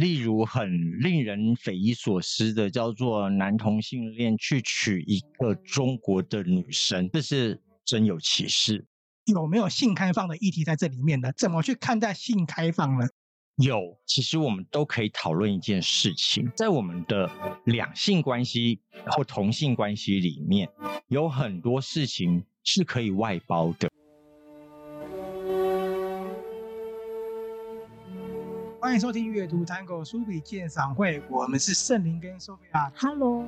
例如，很令人匪夷所思的，叫做男同性戀去娶一個中國的女生，這是真有其事。有沒有性開放的議題在這裡面呢？怎麼去看待性開放呢？有，其實我們都可以討論一件事情，在我們的兩性關係或同性關係裡面，有很多事情是可以外包的。歡迎收聽閱讀 Tango 書富比鑑賞會，我們是聖靈跟 Sofia。Hello，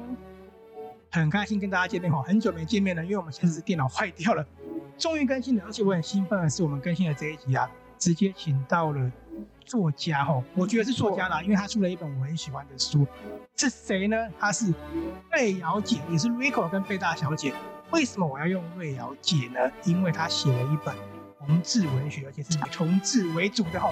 很開心跟大家見面哈，很久沒見面了，因為我們現在是電腦壞掉了，終於更新了，而且我很興奮的是，我們更新的這一集啊，直接請到了作家，我覺得是作家啦，因為他出了一本我很喜歡的書，是誰呢？他是瑞餚姐，也是 Rico 跟貝大小姐。為什麼我要用瑞餚姐呢？因為他寫了一本同志文學，而且是以同志為主的哈。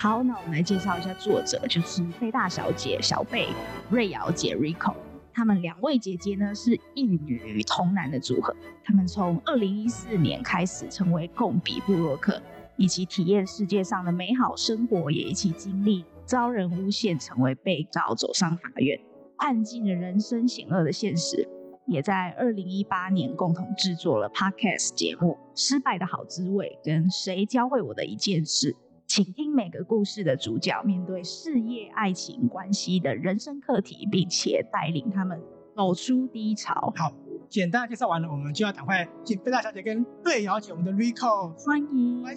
好，那我們來介紹一下作者，就是貝大小姐小貝、瑞餚姐 Rico，他們兩位姐姐呢是異女同男的組合。他們從二零一四年開始成為共筆部落客，一起體驗世界上的美好生活，也一起經歷遭人誣陷成為被告走上法院，看清了人生險惡的現實，也在二零一八年共同制作了 Podcast 節目《失敗的好滋味》跟《誰教會我的一件事》。請聽每個故事的主角面對事業、愛情關係的人生課題，並且帶領他們走出低潮。好，簡單介紹完了，我們就要趕快請貝大小姐跟瑞餚姐，我們的 Recall，歡迎歡迎。歡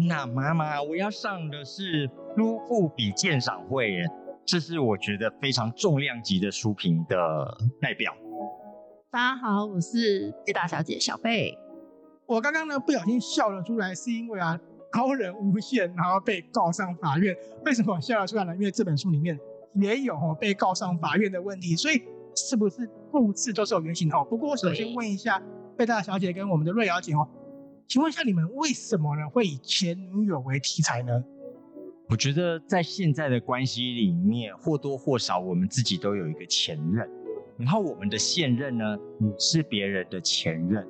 迎那媽媽，我要上的是書富比鑑賞會，這是我覺得非常重量級的書評的代表。大家好，我是貝大小姐小貝。我剛剛呢不小心笑了出來，是因為啊。高人誣陷，然後被告上法院，為什麼笑得出來呢？因為這本書裡面也有被告上法院的問題，所以是不是故事都是有原型的？不過，我首先問一下對貝大小姐跟我們的瑞餚姐哦，請問一下你們為什麼呢會以前女友為題材呢？我覺得在現在的關係裡面，或多或少我們自己都有一個前任，然後我們的現任呢，是別人的前任。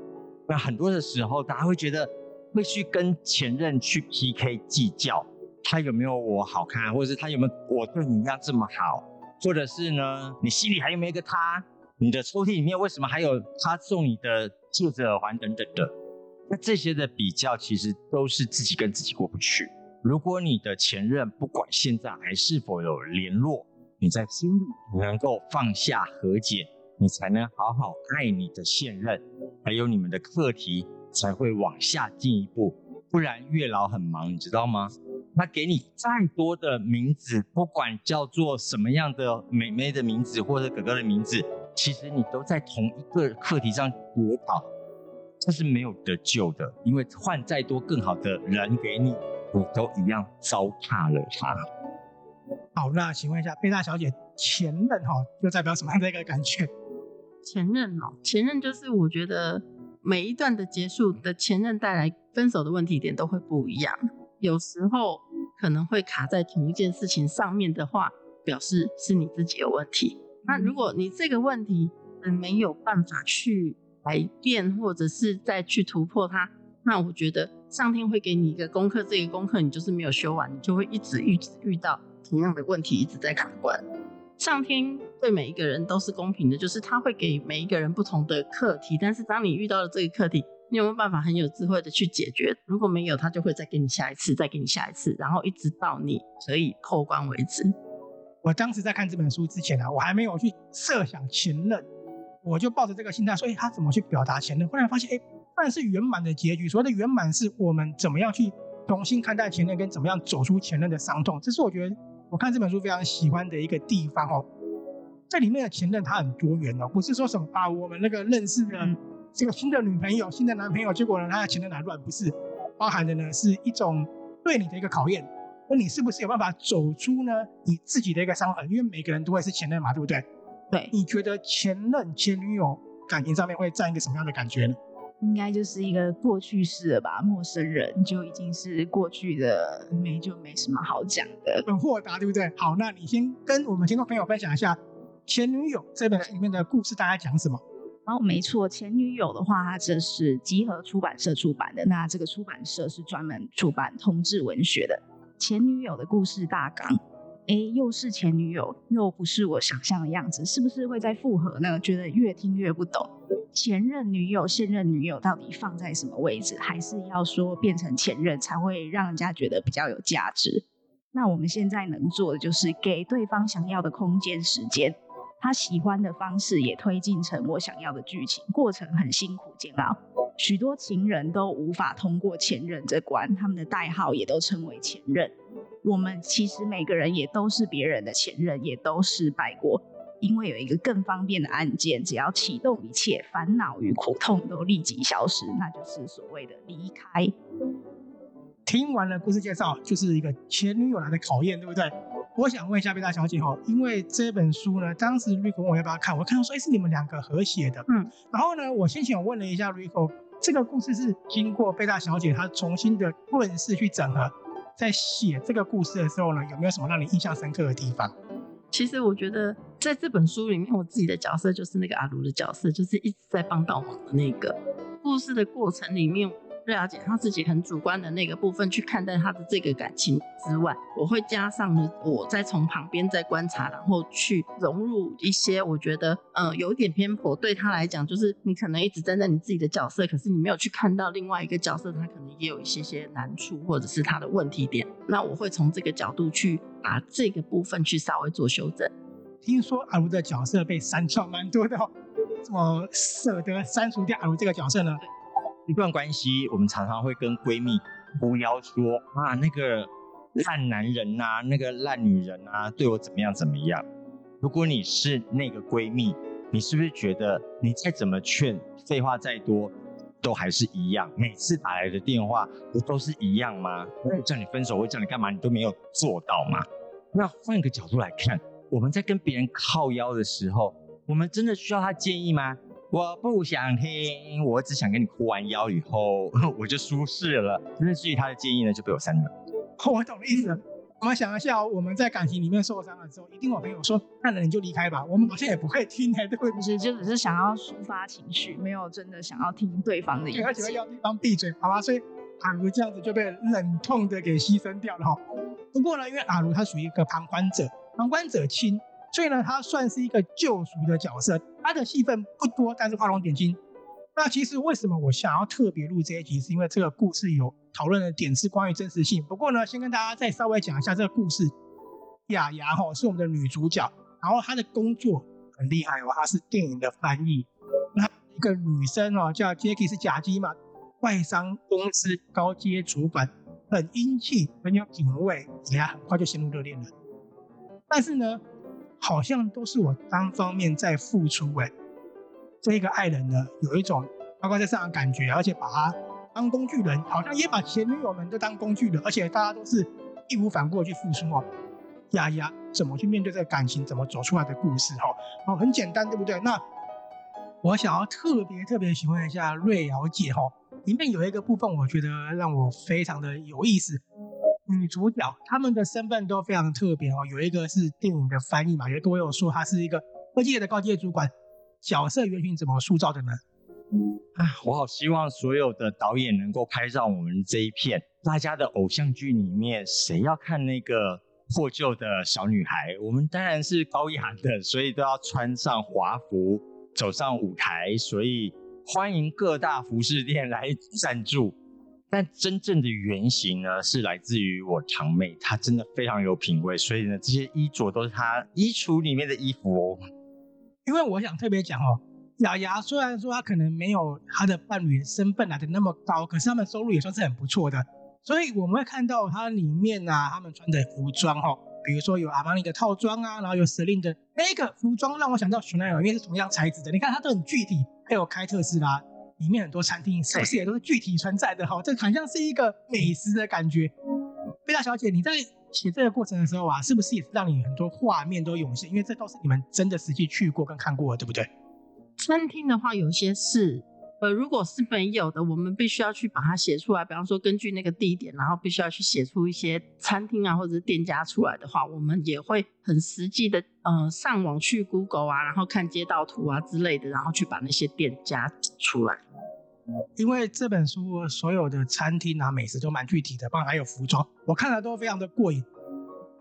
那很多的時候，大家會覺得。會去跟前任去 PK 計較，他有沒有我好看，或者是他有沒有我對你這樣這麼好，或者是呢，你心裡還有沒有一個他？你的抽屜裡面為什麼還有他送你的戒指、耳環等等的？那這些的比較，其實都是自己跟自己過不去。如果你的前任不管現在還是否有聯絡，你在心裡能夠放下和解，你才能好好愛你的現任，還有你們的課題，才會往下進一步，不然月老很忙，你知道嗎？他給你再多的名字，不管叫做什麼樣的妹妹的名字，或者哥哥的名字，其實你都在同一個課題上跌倒，這是沒有得救的。因為換再多更好的人給你，我都一樣糟蹋了他。啊、好，那請問一下貝大小姐，前任哈、哦，就代表什麼樣的一個感覺？前任哦，前任就是我覺得。每一段的結束的前任帶來分手的問題點都會不一樣，有時候可能會卡在同一件事情上面的話，表示是你自己的問題。那如果你這個問題沒有辦法去改變，或者是再去突破它，那我覺得上天會給你一個功課，這個功課你就是沒有修完，你就會一直一直遇到同樣的問題，一直在卡關。上天對每一個人都是公平的，就是他會給每一個人不同的課題，但是當你遇到了這個課題，你有沒有辦法很有智慧的去解決？如果沒有，他就會再給你下一次，再給你下一次，然後一直到你可以過關為止。我當時在看這本書之前呢、啊，我還沒有去設想前任，我就抱着這個心態說：哎，他怎麼去表達前任？忽然發現，哎，當然是圓滿的結局，所謂的圓滿是我們怎麼樣去重新看待前任，跟怎麼樣走出前任的傷痛，這是我覺得。我看這本書非常喜歡的一個地方哦，在裡面的前任他很多元哦，不是說什麼啊，我們那個認識的這個新的女朋友、新的男朋友，結果呢，他的前任來亂，不是，包含的呢是一種對你的一個考驗，那你是不是有辦法走出呢，你自己的一個傷痕，因為每個人都會是前任嘛，對不對？對，你覺得前任、前女友感情上面會占一個什麼樣的感覺呢？應該就是一個過去式了吧，陌生人就已經是過去的，沒就沒什麼好講的，很豁達，對不對？好，那你先跟我們聽眾朋友分享一下《前女友》這本裡面的故事大概講什麼？哦，沒錯，《前女友》的話，它這是集合出版社出版的，那這個出版社是專門出版同志文學的，《前女友》的故事大綱。嗯誒，又是前女友，又不是我想象的樣子，是不是會再復合呢？覺得越聽越不懂，前任女友、現任女友到底放在什麼位置？還是要說變成前任才會讓人家覺得比較有價值？那我們現在能做的就是給對方想要的空間、時間，他喜歡的方式也推進成我想要的劇情，過程很辛苦、煎熬。許多情人都無法通過前任這關，他們的代號也都稱為前任。我們其實每個人也都是別人的前任，也都失敗過。因為有一個更方便的按鍵，只要啟動一切煩惱與苦痛都立即消失，那就是所謂的離開。聽完了故事介紹，就是一個前女友來的考驗，對不對？我想問一下貝大小姐哈，因為這本書呢，當時瑞克問我要不要看，我看到說，哎，是你們兩個合寫的，嗯。然後呢，我先前我問了一下瑞克。這個故事是經過貝大小姐她重新的潤飾，去整合，在寫這個故事的時候呢，有沒有什麼讓你印象深刻的地方？其實我覺得在這本書裡面，我自己的角色就是那個阿盧的角色，就是一直在幫倒忙的那個，故事的過程裡面。瑞了解，他、啊、自己很主觀的那個部分去看待他的這個感情之外，我會加上呢，我再從旁邊再觀察，然後去融入一些我覺得，呃，有一點偏頗。對他來講，就是你可能一直站在你自己的角色，可是你沒有去看到另外一個角色，他可能也有一些些難處或者是他的問題點。那我會從這個角度去把這個部分去稍微做修正。聽說阿如的角色被刪掉蠻多的哦，怎麼捨得刪除掉阿如這個角色呢？一段關係，我們常常會跟閨蜜靠腰說啊，那個爛男人啊，那個爛女人啊，對我怎麼樣怎麼樣。如果你是那個閨蜜，你是不是覺得你再怎麼勸，廢話再多，都還是一樣？每次打來的電話不都是一樣嗎？那我叫你分手，我會叫你幹嘛，你都沒有做到嗎？那換個角度來看，我們在跟別人靠腰的時候，我們真的需要他建議嗎？我不想聽，我只想跟你哭完腰以後， 我就舒適了。可是至於他的建議呢，就被我刪了。我懂意思了。我們想一下，哦，我們在感情裡面受傷的時候，一定有朋友說：“看了你就離開吧。”我們好像也不會聽，對不對？就是就只是想要抒發情緒，沒有真的想要聽對方的意見。他喜歡要對方閉嘴，好吧？所以，阿如這樣子就被冷痛的給犧牲掉了哈、哦。不過呢，因為阿如他屬於一個旁觀者，旁觀者清，所以呢，他算是一個救贖的角色。他的戲份不多，但是畫龍點睛。那其實為什麼我想要特別錄這一集，是因為這個故事有討論的點是關於真實性。不過呢，先跟大家再稍微講一下這個故事。雅雅哈是我們的女主角，然後她的工作很厲害哦，她是電影的翻譯。那一個女生哦叫 Jackie 是假雞嘛，外商公司高階主管，很英氣，很有警衛，雅雅很快就陷入熱戀了。但是呢，好像都是我單方面在付出，哎，這一個愛人呢有一種，高高在上的感覺，而且把他當工具人，好像也把前女友們都當工具人，而且大家都是義無反顧去付出哦。丫丫怎麼去面對這個感情，怎麼走出來的故事，哦，很簡單，對不對？那我想要特別特別詢問一下瑞餚姐，吼，裡面有一個部分，我覺得讓我非常的有意思。女主角他們的身份都非常特別哦，有一個是電影的翻譯嘛，也都有說她是一個科技業的高階主管。角色原型怎麼塑造的呢？啊，我好希望所有的導演能夠拍照我們這一片。大家的偶像劇裡面，誰要看那個獲救的小女孩？我們當然是高雅的，所以都要穿上華服走上舞台，所以歡迎各大服飾店來贊助。但真正的原型呢，是來自於我堂妹，她真的非常有品味，所以呢，這些衣着都是她衣櫥裡面的衣服哦。因為我想特別講哦，雅雅雖然說她可能沒有她的伴侶身份來的那麼高，可是他們收入也算是很不錯的，所以我們會看到她裡面啊，她們穿的服裝哦，比如說有阿瑪尼的套裝啊，然後有 Celine 的，那個服裝讓我想到 Chanel，因為是同樣材質的，你看它都很具體，還有開特斯拉。裡面很多餐廳是不是也都是具體存在的哈？這好像是一個美食的感覺。貝大小姐，你在寫這個過程的時候啊，是不是也是讓你很多畫面都湧現？因為這都是你們真的實際去過跟看過的，對不對？餐廳的話，有些是。呃，如果是沒有的，我們必須要去把它寫出來。比方說，根據那個地點，然後必須要去寫出一些餐廳啊，或者是店家出來的話，我們也會很實際的、呃，上網去 Google 啊，然後看街道圖啊之類的，然後去把那些店家出來。因為這本書所有的餐廳啊、美食都蠻具體的，包括還有服裝，我看了都非常的過癮。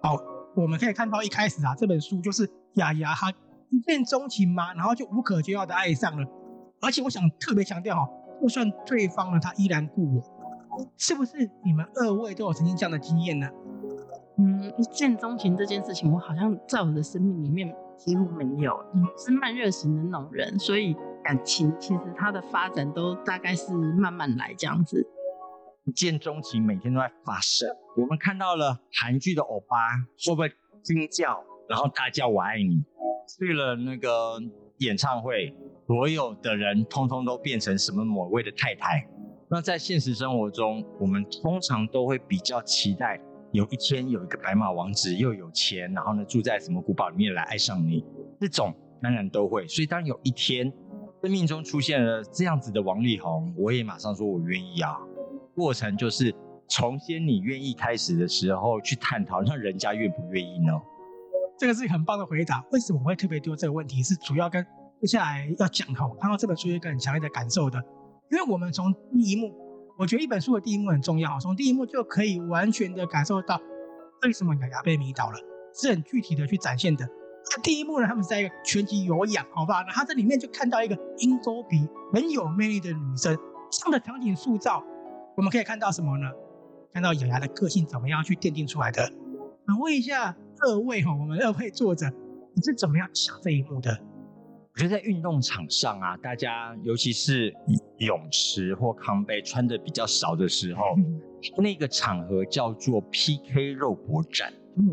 好、哦，我們可以看到一開始啊，這本書就是雅雅她一見鍾情嘛，然後就無可救藥的愛上了。而且我想特別強調哈，就算對方呢，他依然故我，是不是？你們二位都有曾經這樣的經驗呢？嗯，一見鍾情這件事情，我好像在我的生命裡面幾乎沒有，嗯，是慢熱型的那種人，所以感情其實它的發展都大概是慢慢來這樣子。一見鍾情每天都在發生，我們看到了韓劇的歐巴會不會驚叫，然後大叫我愛你，去了那個演唱會。所有的人通通都變成什麼某位的太太。那在現實生活中，我們通常都會比較期待有一天有一個白馬王子，又有錢，然後呢，住在什麼古堡裡面來愛上你。這種當然都會。所以當有一天生命中出現了這樣子的王力宏，我也馬上說我願意啊。過程就是從先你願意開始的時候去探討，那人家願不願意呢？這個是很棒的回答。為什麼我會特別丟這個問題？是主要跟。接下來要講哈，我看到這本書是一個很強烈的感受的，因為我們從第一幕，我覺得一本書的第一幕很重要，從第一幕就可以完全的感受到為什麼雅雅被迷倒了，是很具體的去展現的。那、啊、第一幕呢，他們是在一個拳擊有氧，好不好？他這裡面就看到一個鷹鈎鼻很有魅力的女生，這樣的場景塑造，我們可以看到什麼呢？看到雅雅的個性怎麼樣去奠定出來的？想、啊、問一下二位哈，我們二位作者，你是怎麼樣想這一幕的？我覺得在運動場上啊，大家尤其是泳池或康貝穿的比較少的時候，嗯、那個場合叫做 PK 肉搏戰，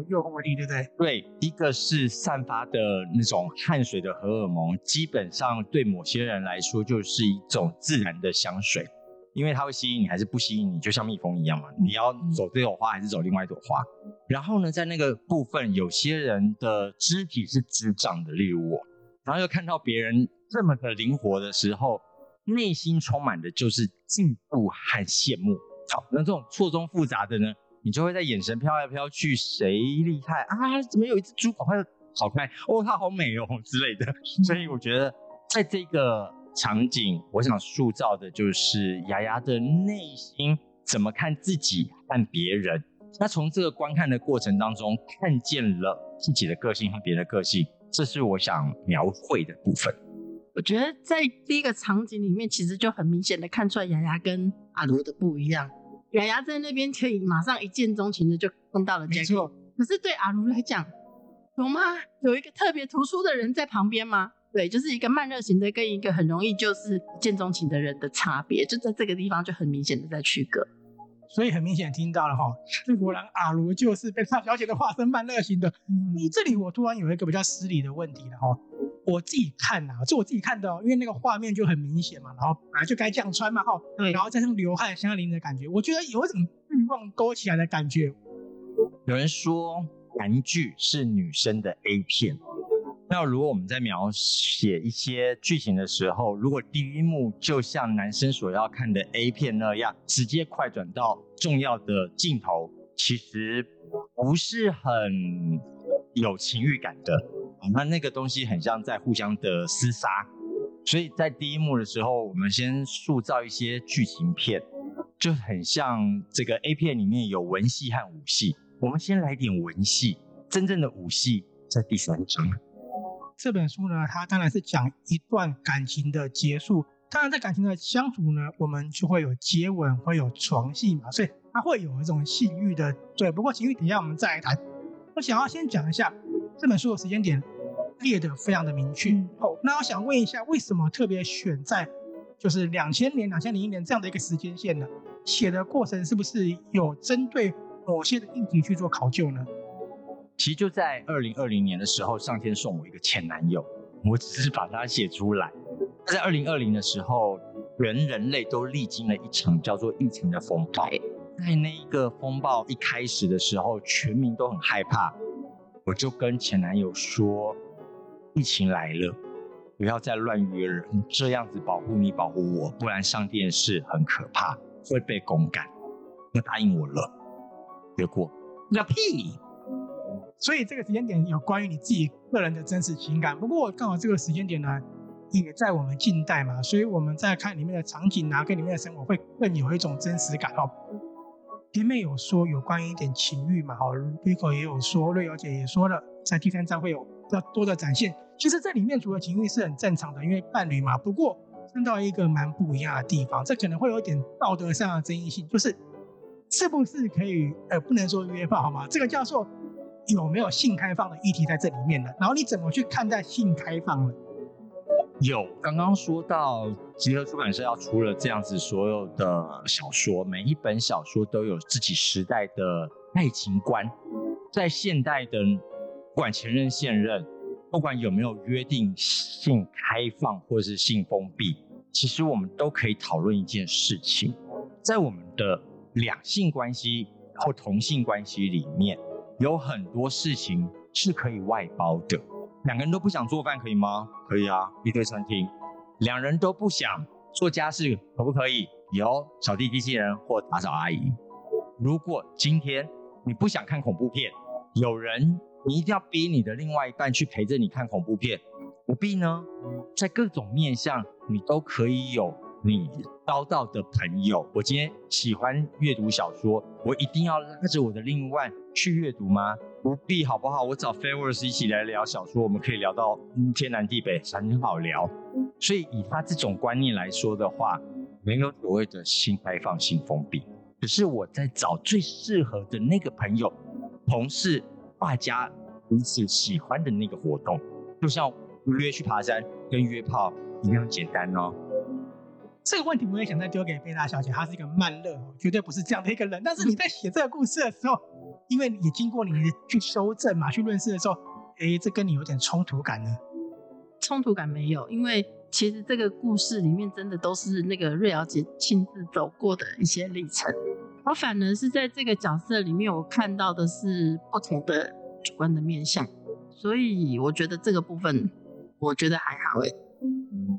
有誘惑力對不對？嗯嗯嗯嗯、對，一個是散發的那種汗水的荷爾蒙，基本上對某些人來說就是一種自然的香水，因為它會吸引你還是不吸引你，就像蜜蜂一樣嘛，你要走這朵花還是走另外一朵花。然後呢，在那個部分，有些人的肢體是直長的，例如我。然後又看到別人這麼的靈活的時候，內心充滿的就是進步和羨慕。好，那這種錯綜複雜的呢，你就會在眼神飄來飄去，誰厲害啊？怎麼有一只豬好看？好看哦，它好美哦之類的。所以我覺得，在這個場景，我想塑造的就是丫丫的內心怎麼看自己和別人。那從這個觀看的過程當中，看見了自己的個性和別的個性。這是我想描繪的部分。我覺得在第一個場景裡面，其實就很明顯的看出來雅雅跟阿如的不一樣。雅雅在那邊可以馬上一見鍾情的就跟到了結果，沒錯。可是對阿如來講，有嗎？有一個特別突出的人在旁邊嗎？對，就是一個慢熱型的跟一個很容易就是一見鍾情的人的差別，就在這個地方就很明顯的在區隔。所以很明顯聽到了哈，果然阿如就是貝大小姐的化身慢熱型的。你、嗯、這裡我突然有一個比較失禮的問題了哈，我自己看吶、啊，就我自己看的，因為那個畫面就很明顯嘛，然後本來就該這樣穿嘛哈，然後再上劉海，香香的感覺，對我覺得有一種欲望勾起來的感覺。有人說男劇是女生的 A 片。那如果我們在描寫一些劇情的時候，如果第一幕就像男生所要看的 A 片那樣，直接快轉到重要的鏡頭，其實不是很有情欲感的。那那個東西很像在互相的廝殺，所以在第一幕的時候，我們先塑造一些劇情片，就很像這個 A 片裡面有文戲和武戲，我們先來點文戲，真正的武戲在第三章。這本書呢，它當然是講一段感情的結束。當然，在感情的相處呢，我們就會有接吻，會有床戲嘛，所以它會有一種性欲的。對，不過性欲等一下我們再來談。我想要先講一下這本書的時間點列得非常的明確。哦。那我想問一下，為什麼特別選在就是兩千年、兩千零一年這樣的一個時間線呢？寫的過程是不是有針對某些的議題去做考究呢？其實就在二零二零年的時候，上天送我一個前男友，我只是把它寫出來。在二零二零的時候，人人類都歷經了一場叫做疫情的風暴。在那一個風暴一開始的時候，全民都很害怕。我就跟前男友說，「疫情來了，不要再亂約人，這樣子保護你保護我，不然上電視很可怕，會被公幹。」他答應我了，結果個屁！所以這個時間點有關於你自己個人的真實情感。不過我剛好這個時間點呢，也在我們近代嘛，所以我們在看裡面的場景，啊，跟裡面的生活會更有一種真實感哦。前面有說有關於一點情欲嘛，好，Rico 也有說，瑞餚姐也說了，在第三章會有比較多的展現。其實這裡面主要情欲是很正常的，因為伴侶嘛。不過看到一個蠻不一樣的地方，這可能會有點道德上的爭議性，就是是不是可以，呃，不能說約炮好嗎？這個叫做。有沒有性開放的議題在這裡面呢？然後你怎麼去看待性開放呢？有，剛剛說到集合出版社要出了這樣子所有的小說，每一本小說都有自己時代的愛情觀。在現代的，不管前任現任，不管有沒有約定性開放或者是性封閉，其實我們都可以討論一件事情：在我們的兩性關係或同性關係裡面。有很多事情是可以外包的，兩個人都不想做飯，可以嗎？可以啊，一堆餐廳。兩人都不想做家事，可不可以？有掃地機器人或打掃阿姨。如果今天你不想看恐怖片，有人你一定要逼你的另外一半去陪着你看恐怖片，不必呢，在各種面向你都可以有。你交到的朋友，我今天喜歡閱讀小說，我一定要拉着我的另外去閱讀嗎？不必，好不好？我找 f a v o r i e s 一起來聊小說，我們可以聊到天南地北，很好聊。所以以他這種觀念來說的話，沒有所謂的性開放、性封閉。只是我在找最適合的那個朋友、同事、畫家，彼此喜歡的那個活動，就像約去爬山跟約炮一樣簡單哦。這個問題我也想再丟給貝大小姐，她是一個慢熱，絕對不是這樣的一個人。但是你在寫這個故事的時候，因為也經過你去修正嘛，去論述的時候，哎，這跟你有點衝突感呢。衝突感沒有，因為其實這個故事裡面真的都是那個瑞餚姐親自走過的一些歷程。我反而是在這個角色裡面，我看到的是不同的主觀的面向，所以我覺得這個部分，我覺得還好誒。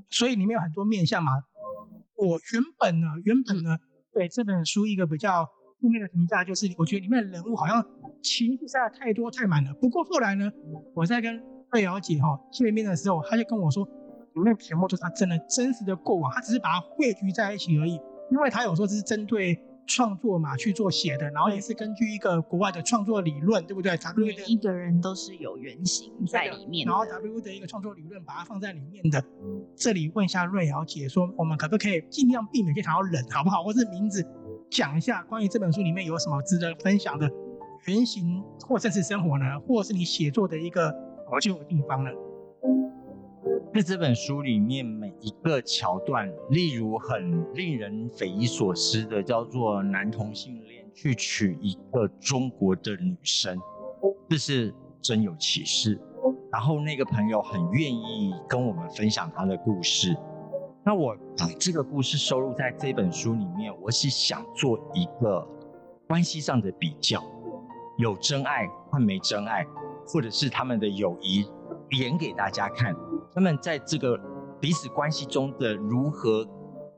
所以裡面有很多面向嘛。我、哦、原本呢，原本呢，對這本書一個比較負面的評價就是，我覺得裡面的人物好像情緒實在太多太滿了。不過後來呢，我在跟瑞餚姐哈、哦、見面的時候，他就跟我說，裡面的題目就是他真的真實的過往，他只是把它匯聚在一起而已。因為他有說，是針對。創作嘛，去做寫的，然後也是根據一個國外的創作理論，對不對？W 的一個人都是有原型在裡面的，那個，然後 W 的一個創作理論把它放在裡面的。嗯、這裡問一下瑞餚姐，說我們可不可以盡量避免去談到人，好不好？或是名字講一下關於這本書裡面有什麼值得分享的原型，或者是生活呢，或是你寫作的一個有就的地方呢？在這本書裡面，每一個橋段，例如很令人匪夷所思的，叫做男同性戀去娶一個中國的女生，這是真有其事。然後那個朋友很願意跟我們分享他的故事。那我把這個故事收錄在這本書裡面，我是想做一個關係上的比較，有真愛或沒真愛，或者是他們的友誼，演給大家看。他們在這個彼此關係中的如何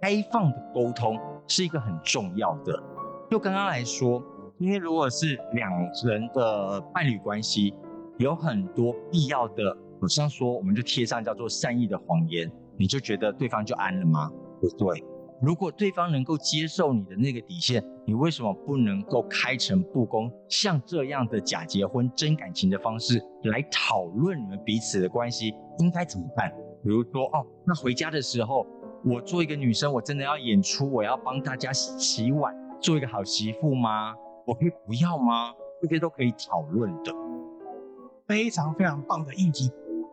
開放的溝通是一個很重要的。就剛剛來說，因為如果是兩人的伴侶關係，有很多必要的，我這樣說我們就貼上叫做善意的謊言，你就覺得對方就安了嗎？不對。如果對方能夠接受你的那個底線，你為什麼不能夠開誠布公，像這樣的假結婚、真感情的方式來討論你們彼此的關係應該怎麼辦？比如說，哦，那回家的時候，我做一個女生，我真的要演出，我要幫大家洗碗，做一個好媳婦嗎？我可以不要嗎？這些都可以討論的，非常非常棒的應急。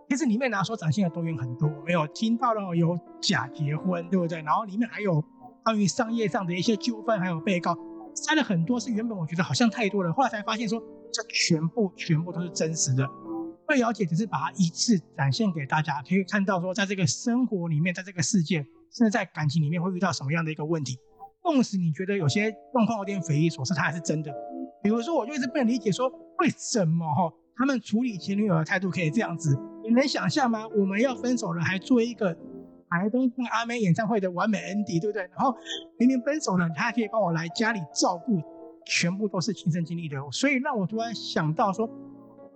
其實裡面拿出展現的多元很多，我們有聽到了有假結婚，對不對？然後裡面還有關於商業上的一些糾紛，還有被告塞了很多，是原本我覺得好像太多了，後來才發現說這全部全部都是真實的。瑞餚姐，只是把它一次展現給大家，可以看到說在這個生活裡面，在這個世界，甚至在感情裡面會遇到什麼樣的一個問題。縱使你覺得有些狀況有點匪夷所思，它還是真的。比如說，我就一直不能理解說為什麼哈他們處理前女友的態度可以這樣子。你能想象嗎？我們要分手了，還做一個台東阿妹演唱會的完美 ending，對不對？然後明明分手了，他還可以幫我來家裡照顧，全部都是親身經歷的，所以讓我突然想到說，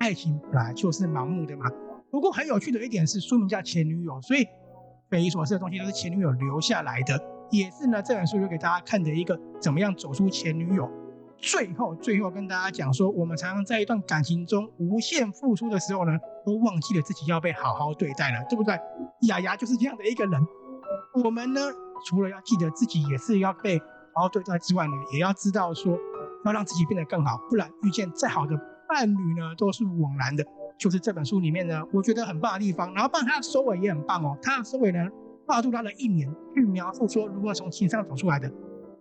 愛情本來就是盲目的嘛。不過很有趣的一點是，書名叫前女友，所以匪夷所思的東西都是前女友留下來的，也是呢，這本書就給大家看的一個怎麼樣走出前女友。最後，最後跟大家講說，我們常常在一段感情中無限付出的時候呢，都忘記了自己要被好好對待了，對不對？雅雅就是這樣的一個人。我們呢，除了要記得自己也是要被好好對待之外呢，也要知道說，要讓自己變得更好，不然遇見再好的伴侶呢，都是枉然的。就是這本書裡面呢，我覺得很棒的地方。然後，把他的收尾也很棒哦，他的收尾呢，畫出了的一年，去描述說如何從情傷走出來的。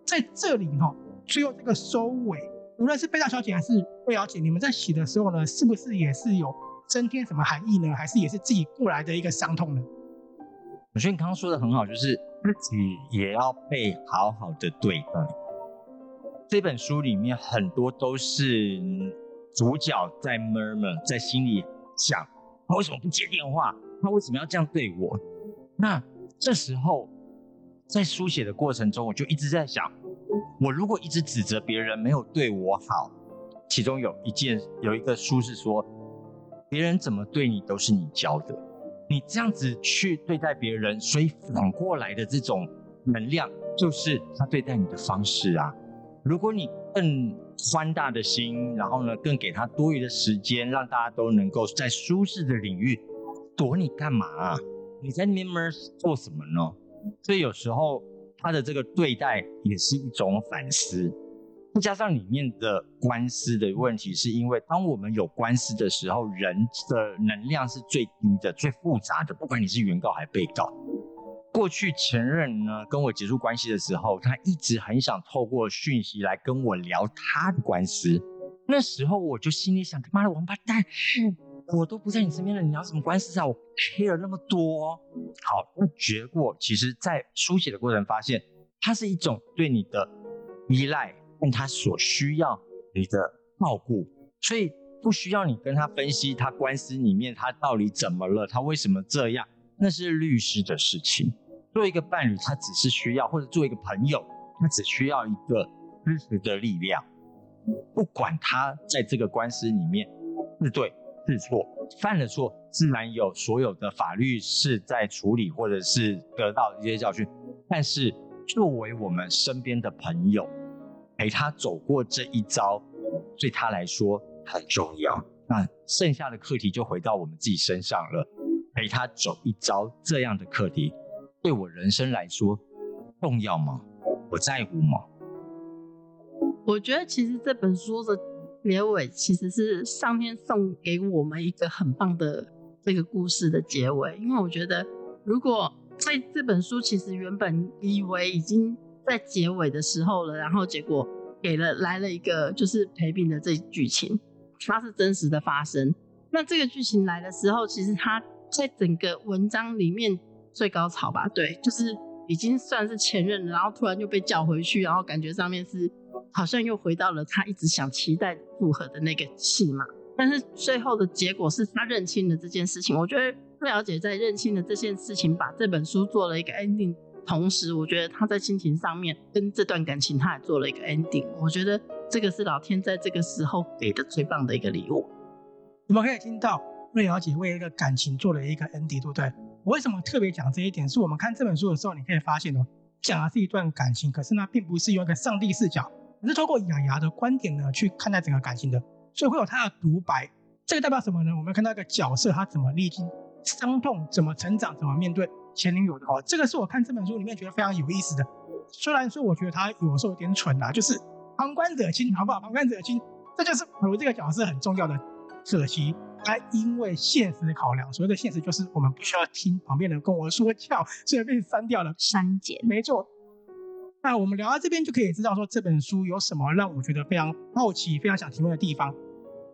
在這裡哈、哦。最後這個收尾，無論是貝大小姐還是瑞餚姐，你們在寫的時候呢，是不是也是有增添什麼含義呢？還是也是自己過來的一個傷痛呢？我覺得你剛剛說的很好，就是自己也要被好好的對待。這本書裡面很多都是主角在 murmuring，在心裡想：他為什麼不接電話？他為什麼要這樣對我？那這時候在書寫的過程中，我就一直在想。我如果一直指責別人沒有對我好，其中有一件有一個書是說，別人怎麼對你都是你教的，你這樣子去對待別人，所以反過來的這種能量就是他對待你的方式啊。如果你更寬大的心，然後呢更給他多餘的時間，讓大家都能夠在舒適的領域，躲你幹嘛、啊？你在 Memers 做什麼呢？所以有時候。他的這個對待也是一種反思，再加上裡面的官司的問題，是因為當我們有官司的時候，人的能量是最低的、最複雜的，不管你是原告還是被告。過去前任呢跟我結束關係的時候，他一直很想透過訊息來跟我聊他的官司，那時候我就心裡想：他媽的王八蛋！是我都不在你身邊了，你要什麼官司啊？我黑了那麼多，哦。好，那結果其實，在書寫的過程發現，它是一種對你的依賴，跟它所需要你的照顧，所以不需要你跟他分析他官司裡面他到底怎麼了，他為什麼這樣，那是律師的事情。作為一個伴侶，他只是需要，或者作為一個朋友，他只需要一個支持的力量，不管他在這個官司裡面是對。試錯，犯了錯，自然有所有的法律是在處理，或者是得到一些教訓。但是作為我們身邊的朋友，陪他走過這一遭，對他來說很重要。那剩下的課題就回到我們自己身上了，陪他走一遭這樣的課題，對我人生來說重要嗎？我在乎嗎？我覺得其實這本書的。結尾其實是上天送給我們一個很棒的這個故事的結尾，因為我覺得如果在這本書，其實原本以為已經在結尾的時候了，然後結果給了來了一個就是陪病的這劇情，它是真實的發生。那這個劇情來的時候，其實它在整個文章裡面最高潮吧？對，就是已經算是前任，然後突然就被叫回去，然後感覺上面是。好像又回到了他一直想期待復合的那個戲嘛。但是最後的結果是他認清了這件事情。我覺得瑞餚姐在認清的這件事情，把這本書做了一個 ending。同時，我覺得她在心情上面跟這段感情，她也做了一個 ending。我覺得這個是老天在這個時候給的最棒的一個禮物。我們可以聽到瑞餚姐為一個感情做了一個 ending，對不對？我為什麼特別講這一點？是我們看這本書的時候，你可以發現哦，講的是一段感情，可是呢，並不是用一個上帝視角。是透過雅雅的觀點呢，去看待整個感情的，所以會有他的獨白。這個代表什麼呢？我們看到一個角色，他怎麼歷經傷痛，怎麼成長，怎麼面對前女友的。哦，這個是我看這本書裡面覺得非常有意思的。雖然說我覺得他有時候有點蠢啊，就是旁觀者清，好不好？旁觀者清，這就是我這個角色很重要的設計。他因為現實的考量，所謂的現實就是我們不需要聽旁邊人跟我說教，所以被刪掉了，刪減姐，沒錯。那我們聊到這邊，就可以知道說，這本書有什麼讓我覺得非常好奇、非常想提問的地方。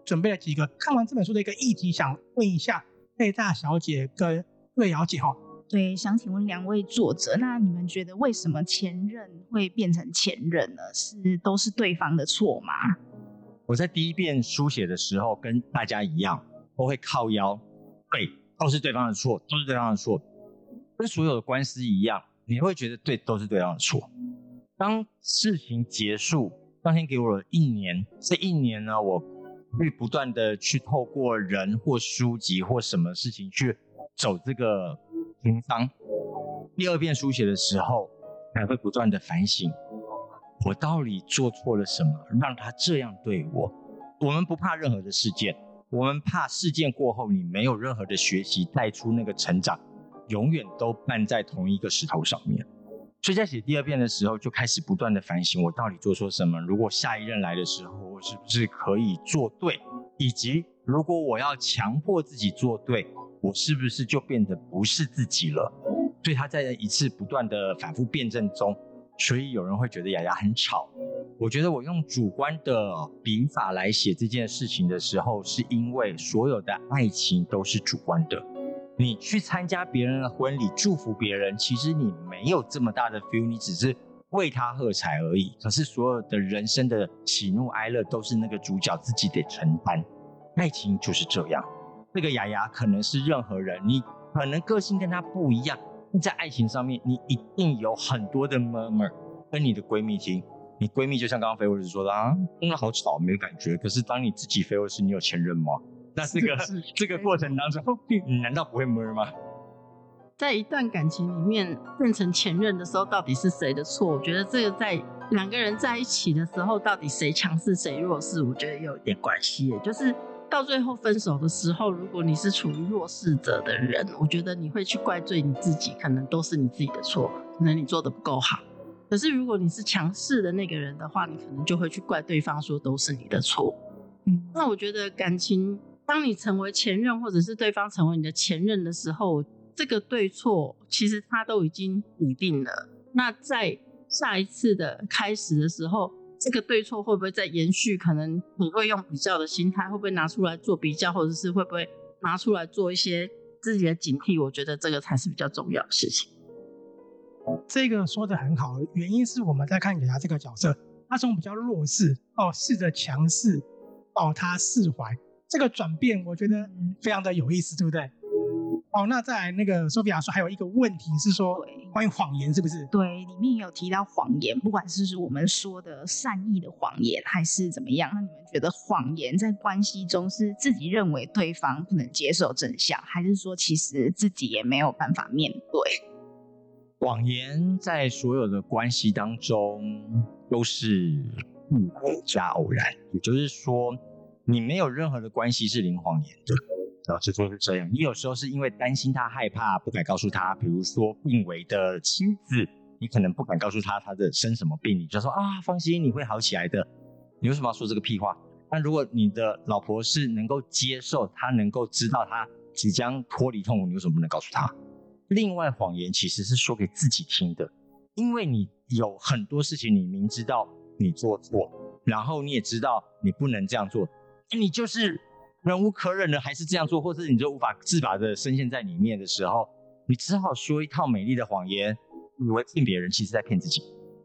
準備了幾個看完這本書的一個議題，想問一下貝大小姐跟瑞餚姐哈。對，想請問兩位作者，那你們覺得為什麼前任會變成前任呢？是都是對方的錯嗎？錯嗎，我在第一遍書寫的時候，跟大家一樣都會靠腰，對、欸，都是對方的錯，都是對方的錯，跟所有的官司一樣，你會覺得對，都是對方的錯。當事情結束，上天給我了一年。這一年呢，我會不斷的去透過人或書籍或什麼事情去走這個情傷。第二遍書寫的時候，才會不斷的反省，我到底做錯了什麼，讓他這樣對我。我們不怕任何的事件，我們怕事件過後你沒有任何的學習帶出那個成長，永遠都絆在同一個石頭上面。所以在寫第二遍的時候，就開始不斷的反省我到底做錯什麼。如果下一任來的時候，我是不是可以做對？以及如果我要強迫自己做對，我是不是就變得不是自己了？所以他在一次不斷的反覆辯證中，所以有人會覺得雅雅很吵。我覺得我用主觀的筆法來寫這件事情的時候，是因為所有的愛情都是主觀的。你去參加別人的婚禮，祝福別人，其實你沒有這麼大的 feel，你只是為他喝彩而已。可是所有的人生的喜怒哀樂都是那個主角自己得承擔，愛情就是這樣。這、那個雅雅可能是任何人，你可能個性跟他不一樣，在愛情上面你一定有很多的 murmur 跟你的閨蜜聽，你閨蜜就像剛剛菲護士說的啊，真的好吵，沒有感覺。可是當你自己飛護士，你有前任嗎？那這個是是這個過程當中，對你難道不會 mur 嗎？在一段感情裡面變成前任的時候，到底是誰的錯？我覺得這個在兩個人在一起的時候，到底誰強勢誰弱勢，我覺得有一點關係。耶，就是到最後分手的時候，如果你是處於弱勢者的人，我覺得你會去怪罪你自己，可能都是你自己的錯，可能你做的不夠好。可是如果你是強勢的那個人的話，你可能就會去怪對方，說都是你的錯。嗯，那我覺得感情。當你成為前任，或者是對方成為你的前任的時候，這個對錯其實他都已經擬定了。那在下一次的開始的時候，這個對錯會不會再延續？可能你會用比較的心態，會不會拿出來做比較，或者是會不會拿出來做一些自己的警惕？我覺得這個才是比較重要的事情。這個說得很好，原因是我們在看給他這個角色，他從比較弱勢，哦，試着強勢，哦，他釋懷。這個轉變，我覺得非常的有意思，對不對？哦，那在那個索菲亞說，還有一個問題是說對關於謊言，是不是？對，裡面有提到謊言，不管是，不是我們說的善意的謊言，還是怎麼樣，那你們覺得謊言在關係中是自己認為對方不能接受真相，還是說其實自己也沒有辦法面對？謊言在所有的關係當中都是誤會加偶然，也就是說。你沒有任何的關係是零謊言的，嗯、然後說所是這樣，你有時候是因為擔心他害怕，不敢告訴他，比如說病危的妻子，你可能不敢告訴他他的生什麼病，你就說，啊放心你會好起來的，你為什麼要說這個屁話？那如果你的老婆是能夠接受，她能夠知道她即將脫離痛苦，你為什麼不能告訴她？另外謊言其實是說給自己聽的，因為你有很多事情你明知道你做錯，然後你也知道你不能這樣做。你就是忍無可忍了，還是這樣做，或者是你就無法自拔的深陷在裡面的時候，你只好說一套美麗的謊言，以為騙別人，其實在騙自己，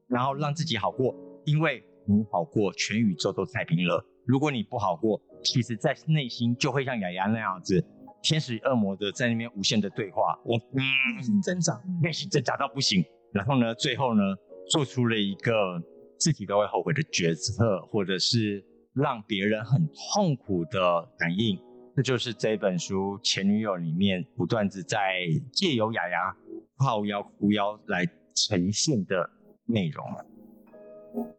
然後讓自己好過，因為你好過，全宇宙都太平了。如果你不好過，其實在內心就會像雅雅那樣子，天使與惡魔的在那邊無限的對話，我嗯，掙扎，內心掙扎到不行，然後呢，最後呢，做出了一個自己都會後悔的決策，或者是。讓別人很痛苦的反應，這就是這本書《前女友》裡面不斷地在借由雅雅靠腰、哭妖來呈現的內容了。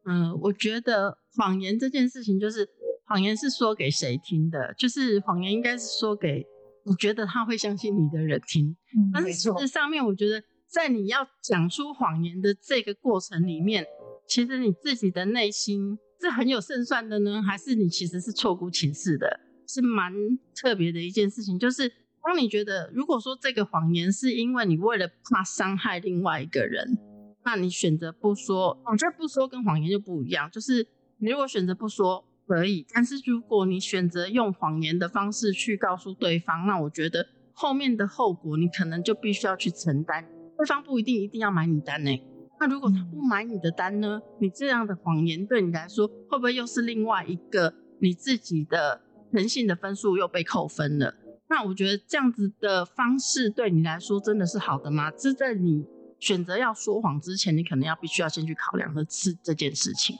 嗯，我覺得謊言這件事情，就是謊言是說給誰聽的？就是謊言應該是說給你覺得他會相信你的人聽。但是上面我覺得，在你要講出謊言的這個過程裡面，其實你自己的內心。是很有勝算的呢？還是你其實是錯估情勢的？是蠻特別的一件事情，就是當你覺得，如果說這個謊言是因為你為了怕傷害另外一個人，那你選擇不說，總之，不說跟謊言就不一樣。就是你如果選擇不說可以，但是如果你選擇用謊言的方式去告訴對方，那我覺得後面的後果你可能就必須要去承擔。對方不一定一定要買你單呢、欸。那如果他不買你的單呢？你這樣的謊言對你來說，會不會又是另外一個你自己的人性的分數又被扣分了？那我覺得這樣子的方式對你來說真的是好的嗎？這在你選擇要說謊之前，你可能要必須要先去考量的是這件事情。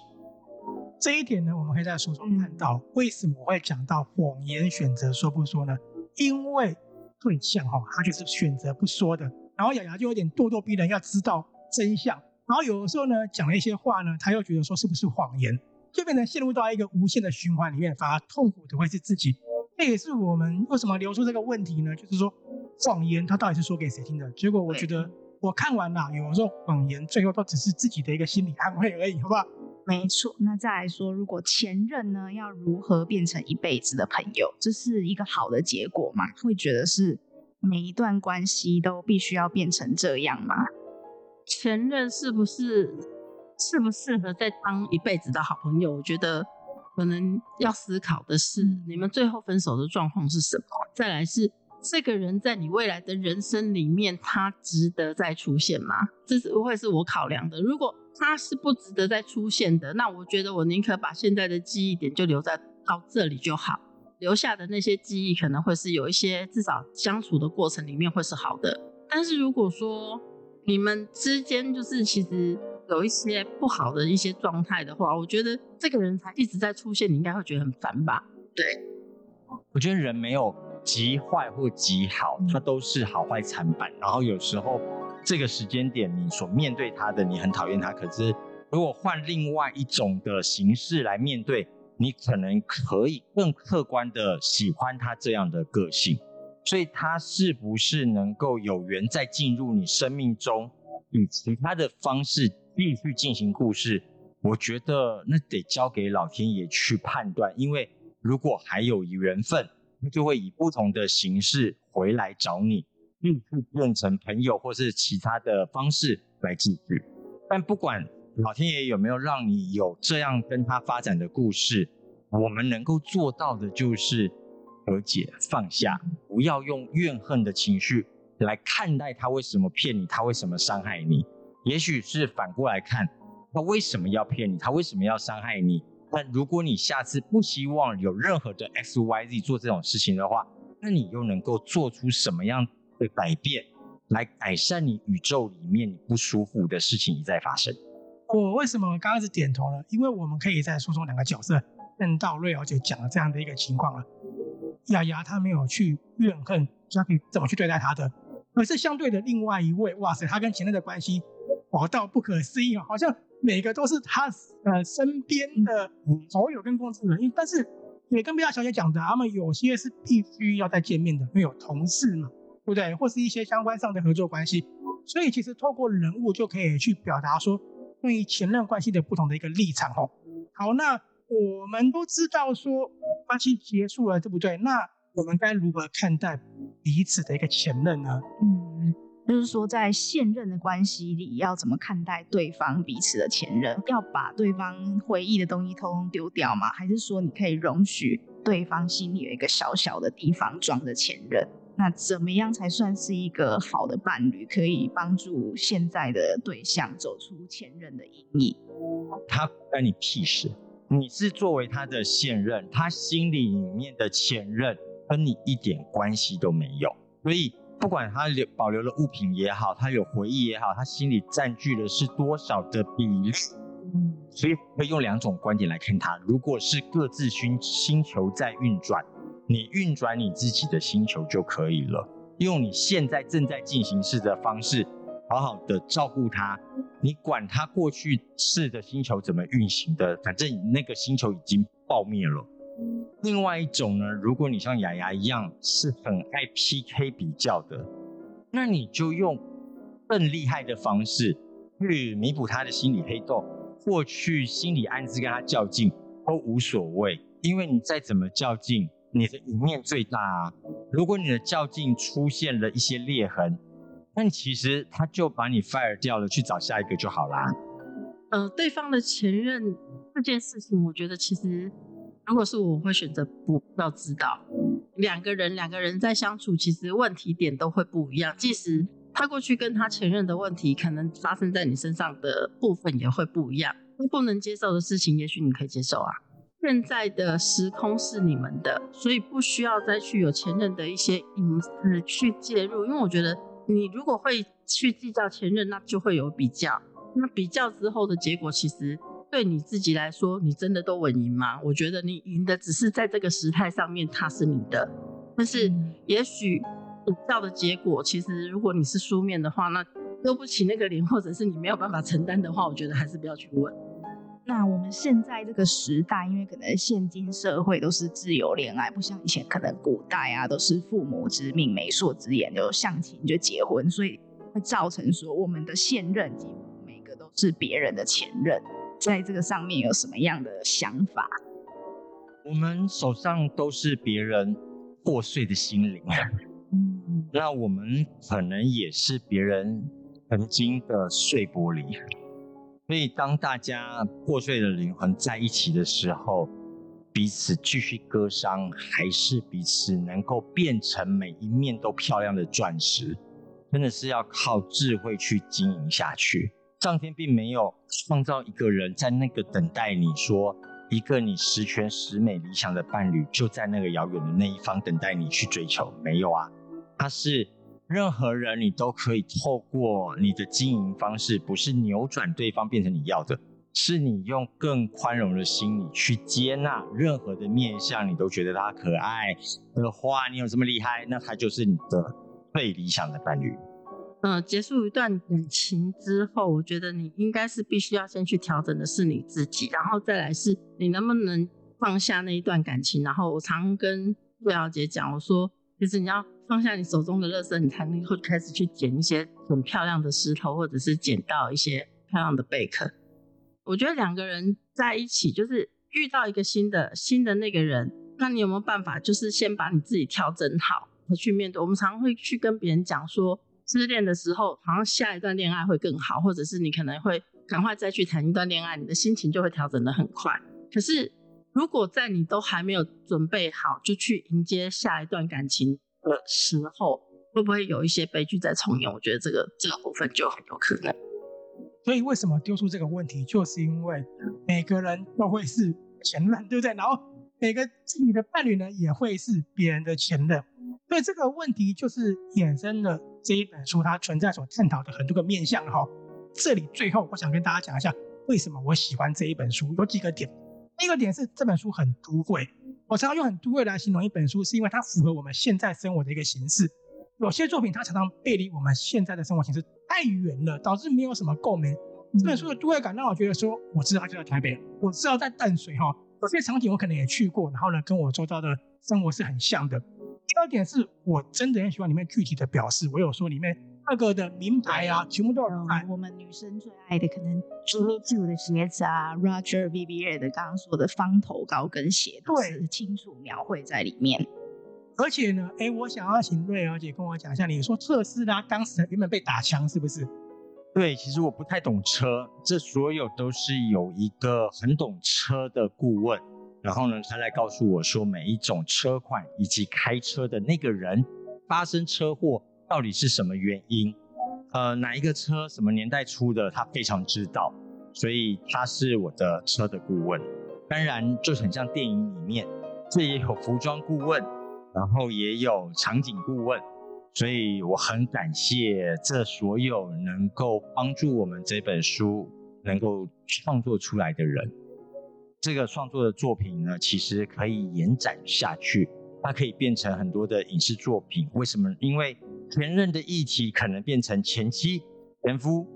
這一點呢，我們會在書中看到為什麼我會講到謊言選擇說不說呢？因為對象哈，他就是選擇不說的，然後雅雅就有點咄咄逼人，要知道真相。然後有的時候呢，講了一些話呢，他又覺得說是不是謊言，就變成陷入到一個無限的循環裡面，反而痛苦的會是自己。這也是我們為什麼留出這個問題呢？就是說，謊言它到底是說給誰聽的？結果我覺得對我看完了，有時候謊言最後都只是自己的一個心理安慰而已，好不好？沒錯。那再來說，如果前任呢要如何變成一輩子的朋友，這是一個好的結果嗎？會覺得是每一段關係都必須要變成這樣嗎？前任是不是適不適合再當一輩子的好朋友？我覺得可能要思考的是，你們最後分手的狀況是什麼。再來是這個人在你未來的人生裡面，他值得再出現嗎？這是會是我考量的。如果他是不值得再出現的，那我覺得我寧可把現在的記憶點就留在到這裡就好。留下的那些記憶可能會是有一些，至少相處的過程裡面會是好的。但是如果說，你們之間就是其實有一些不好的一些狀態的話，我覺得這個人才一直在出現，你應該會覺得很煩吧？對，我覺得人沒有極壞或極好，他都是好壞參半。然後有時候這個時間點你所面對他的，你很討厭他。可是如果換另外一種的形式來面對，你可能可以更客觀的喜歡他這樣的個性。所以他是不是能夠有緣再進入你生命中，以其他的方式繼續進行故事？我覺得那得交給老天爺去判斷，因為如果還有緣分，他就會以不同的形式回來找你，繼續變成朋友或是其他的方式來繼續。但不管老天爺有沒有讓你有這樣跟他發展的故事，我們能夠做到的就是。而且放下，不要用怨恨的情緒來看待他為什麼騙你，他為什麼傷害你？也許是反過來看，他為什麼要騙你，他為什麼要傷害你？但如果你下次不希望有任何的 X、Y、Z 做這種事情的話，那你又能夠做出什麼樣的改變，來改善你宇宙裡面你不舒服的事情一再發生？我為什麼剛開始點頭呢？因為我們可以再說出兩個角色，嗯，道瑞餚姐就講了這樣的一個情況了。雅雅她沒有去怨恨他可以怎麼去對待她的。可是相對的另外一位，哇塞，他跟前任的關係好到不可思議哦，好像每個都是他呃身邊的所有跟公司的人，但是也跟貝大小姐講的，他們有些是必須要再見面的，因為有同事嘛，對不對？或是一些相關上的合作關係，所以其實透過人物就可以去表達說，對於前任關係的不同的一個立場哦。好，那。我們都知道說關係結束了，對不對？那我們該如何看待彼此的一個前任呢？嗯，就是說在現任的關係裡，要怎麼看待對方彼此的前任？要把對方回憶的東西通通丟，丟掉嗎？還是說你可以容許對方心裡有一個小小的地方裝着前任？那怎麼樣才算是一個好的伴侶，可以幫助現在的對象走出前任的陰影？他關你屁事。你是作為他的現任，他心裡裡面的前任跟你一點關係都沒有，所以不管他留保留了物品也好，他有回憶也好，他心裡占據的是多少的比例，嗯、所以可以用兩種觀點來看他。如果是各自星星球在運轉，你運轉你自己的星球就可以了，用你現在正在進行式的方式。好好的照顧他，你管他過去式的星球怎麼運行的，反正那個星球已經爆滅了。另外一種呢，如果你像雅雅一樣是很愛 PK 比較的，那你就用更厲害的方式去彌補他的心理黑洞，過去心理暗自跟他較勁都無所謂，因為你再怎麼較勁，你的贏面最大啊。如果你的較勁出現了一些裂痕，但其實他就把你 fire 掉了，去找下一個就好啦。呃，對方的前任這件事情，我覺得其實如果是我，會選擇不要知道。兩個人兩個人在相處，其實問題點都會不一樣。即使他過去跟他前任的問題，可能發生在你身上的部分也會不一樣。他不能接受的事情，也許你可以接受啊。現在的時空是你們的，所以不需要再去有前任的一些隱私去介入，因為我覺得。你如果會去計較前任，那就會有比較。那比較之後的結果，其實對你自己來說，你真的都穩贏嗎？我覺得你贏的只是在這個時態上面，他是你的。但是也許比較的結果，其實如果你是書面的話，那丟不起那個臉，或者是你沒有辦法承擔的話，我覺得還是不要去問。那我們現在這個時代，因為可能現今社會都是自由戀愛，不像以前可能古代啊，都是父母之命、媒妁之言，就相親就結婚，所以會造成說我們的現任幾乎每個都是別人的前任，在這個上面有什麼樣的想法？我們手上都是別人破碎的心靈，嗯，那我們可能也是別人曾經的碎玻璃。所以，當大家破碎的靈魂在一起的時候，彼此繼續割傷，還是彼此能夠變成每一面都漂亮的鑽石，真的是要靠智慧去經營下去。上天並沒有創造一個人在那個等待你說一個你十全十美理想的伴侶，就在那個遙遠的那一方等待你去追求，沒有啊，他是。任何人，你都可以透過你的經營方式，不是扭轉對方變成你要的，是你用更寬容的心理去接納任何的面相，你都覺得他可愛的話，你有這麼厲害，那他就是你的最理想的伴侶。嗯、呃，結束一段感情之後，我覺得你應該是必須要先去調整的是你自己，然後再來是你能不能放下那一段感情。然後我常跟陸小姐講，我說。就是你要放下你手中的垃圾，你才能會開始去撿一些很漂亮的石頭，或者是撿到一些漂亮的貝殼。我覺得兩個人在一起，就是遇到一個新的新的那個人，那你有沒有辦法，就是先把你自己調整好，才去面對？我們常會去跟別人講說，失戀的時候好像下一段戀愛會更好，或者是你可能會趕快再去談一段戀愛，你的心情就會調整得很快。可是。如果，在你都還沒有準備好就去迎接下一段感情的時候，會不會有一些悲劇在重演？我覺得這個這個部分就很有可能。所以為什麼丟出這個問題，就是因為每個人都會是前任，對不對？然後每個自己的伴侶呢，也會是別人的前任。所以這個問題就是衍生了這一本書它存在所探討的很多個面向哈。這裡最後我想跟大家講一下，為什麼我喜歡這一本書，有幾個點。第一個點是這本書很都會，我常常用很都會來形容一本書，是因為它符合我們現在生活的一個形式。有些作品它常常背離我們現在的生活形式太遠了，導致沒有什麼共鳴。嗯、這本書的都會感讓我覺得說，我知道它就在台北，我知道在淡水哈、哦，有些對場景我可能也去過，然後呢，跟我周遭的生活是很像的。第二點是我真的很喜歡裡面具體的表示，我有說裡面那個的名牌啊，對全部都很愛。嗯、我們女生最愛的可能 Chloe 的鞋子啊，嗯、Roger Vivier 的剛剛說的方頭高跟鞋，對，清楚描繪在裡面。對而且呢，哎，欸，我想要請瑞餚姐跟我講一下，你說特斯拉，當時原本被打槍是不是？對，其實我不太懂車，這所有都是有一個很懂車的顧問。然後呢，他來告訴我說，每一種車款以及開車的那個人發生車禍到底是什麼原因，呃，哪一個車什麼年代出的，他非常知道，所以他是我的車的顧問。當然，就是很像電影裡面，這也有服裝顧問，然後也有場景顧問，所以我很感謝這所有能夠幫助我們這本書能夠創作出來的人。這個創作的作品呢，其實可以延展下去，它可以變成很多的影視作品。為什麼？因為前任的議題可能變成前妻、前夫，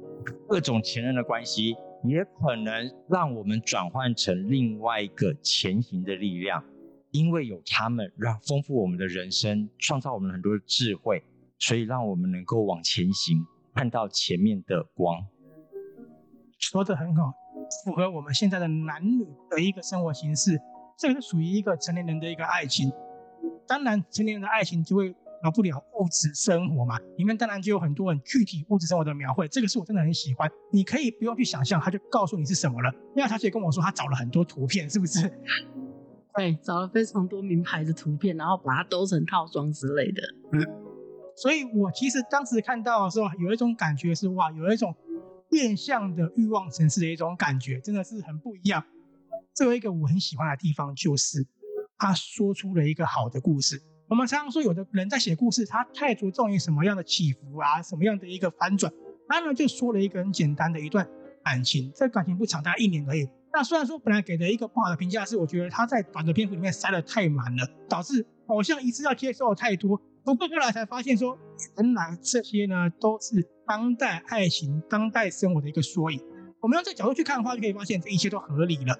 各種前任的關係，也可能讓我們轉換成另外一個前行的力量。因為有他們，讓豐富我們的人生，創造我們很多的智慧，所以讓我們能夠往前行，看到前面的光。說得很好。符合我們現在的男女的一個生活形式，這個是屬於一個成年人的一個愛情。當然，成年人的愛情就會少不了物質生活嘛，裡面當然就有很多很具體物質生活的描繪。這個是我真的很喜歡，你可以不用去想象，他就告訴你是什麼了。因為小姐跟我說，她找了很多圖片，是不是？對，找了非常多名牌的圖片，然後把它兜成套裝之類的。嗯，所以我其實當時看到的時候，有一種感覺是哇，有一種，變相的慾望城市的一種感覺，真的是很不一樣。最後一個我很喜歡的地方就是，他說出了一個好的故事。我們常常說，有的人在寫故事，他太着重於什麼樣的起伏啊，什麼樣的一個反轉。他呢，就說了一個很簡單的一段感情，這感情不長，大概一年而已。那雖然說本來給的一個不好的評價是，我覺得他在短的篇幅裡面塞得太滿了，導致好像一次要接受的太多。不過後來才發現說，說原來這些呢都是當代愛情、當代生活的一個縮影。我們用這個角度去看的話，就可以發現這一切都合理了。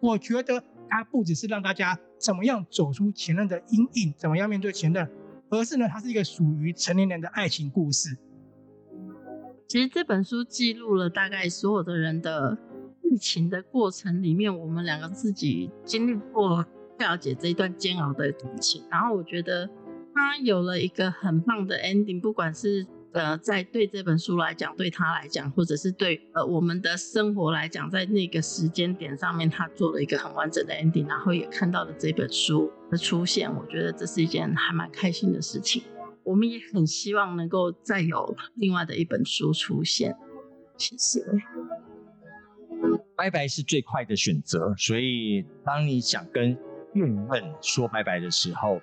我覺得它不只是讓大家怎麼樣走出前任的陰影，怎麼樣面對前任，而是呢，它是一個屬於成年人的愛情故事。其實這本書記錄了大概所有的人的疫情的過程裡面，我們兩個自己經歷過不了解這一段煎熬的同情，然後我覺得。他有了一個很棒的 ending，不管是呃，在對這本書來講，對他來講，或者是對呃我們的生活來講，在那個時間點上面，他做了一個很完整的 ending，然後也看到了這本書的出現，我覺得這是一件還蠻開心的事情。我們也很希望能夠再有另外的一本書出現。謝謝。拜拜是最快的選擇，所以當你想跟怨恨說拜拜的時候，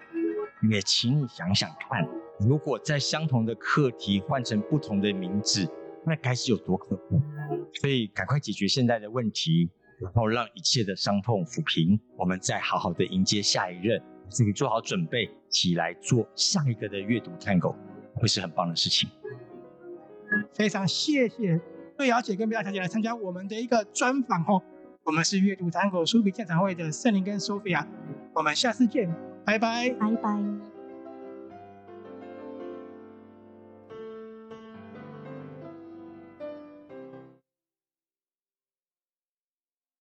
也請你想想看，如果在相同的課題換成不同的名字，那該是有多可怕！所以趕快解決現在的問題，然後讓一切的傷痛撫平，我們再好好的迎接下一任，自己做好準備，起來做上一個的閱讀探戈，會是很棒的事情。非常謝謝瑞餚姐跟米婭小姐來參加我們的一個專訪哦。我們是閱讀探戈書富比鑑賞會的聖林跟 Sophia，我們下次見，拜拜，拜拜。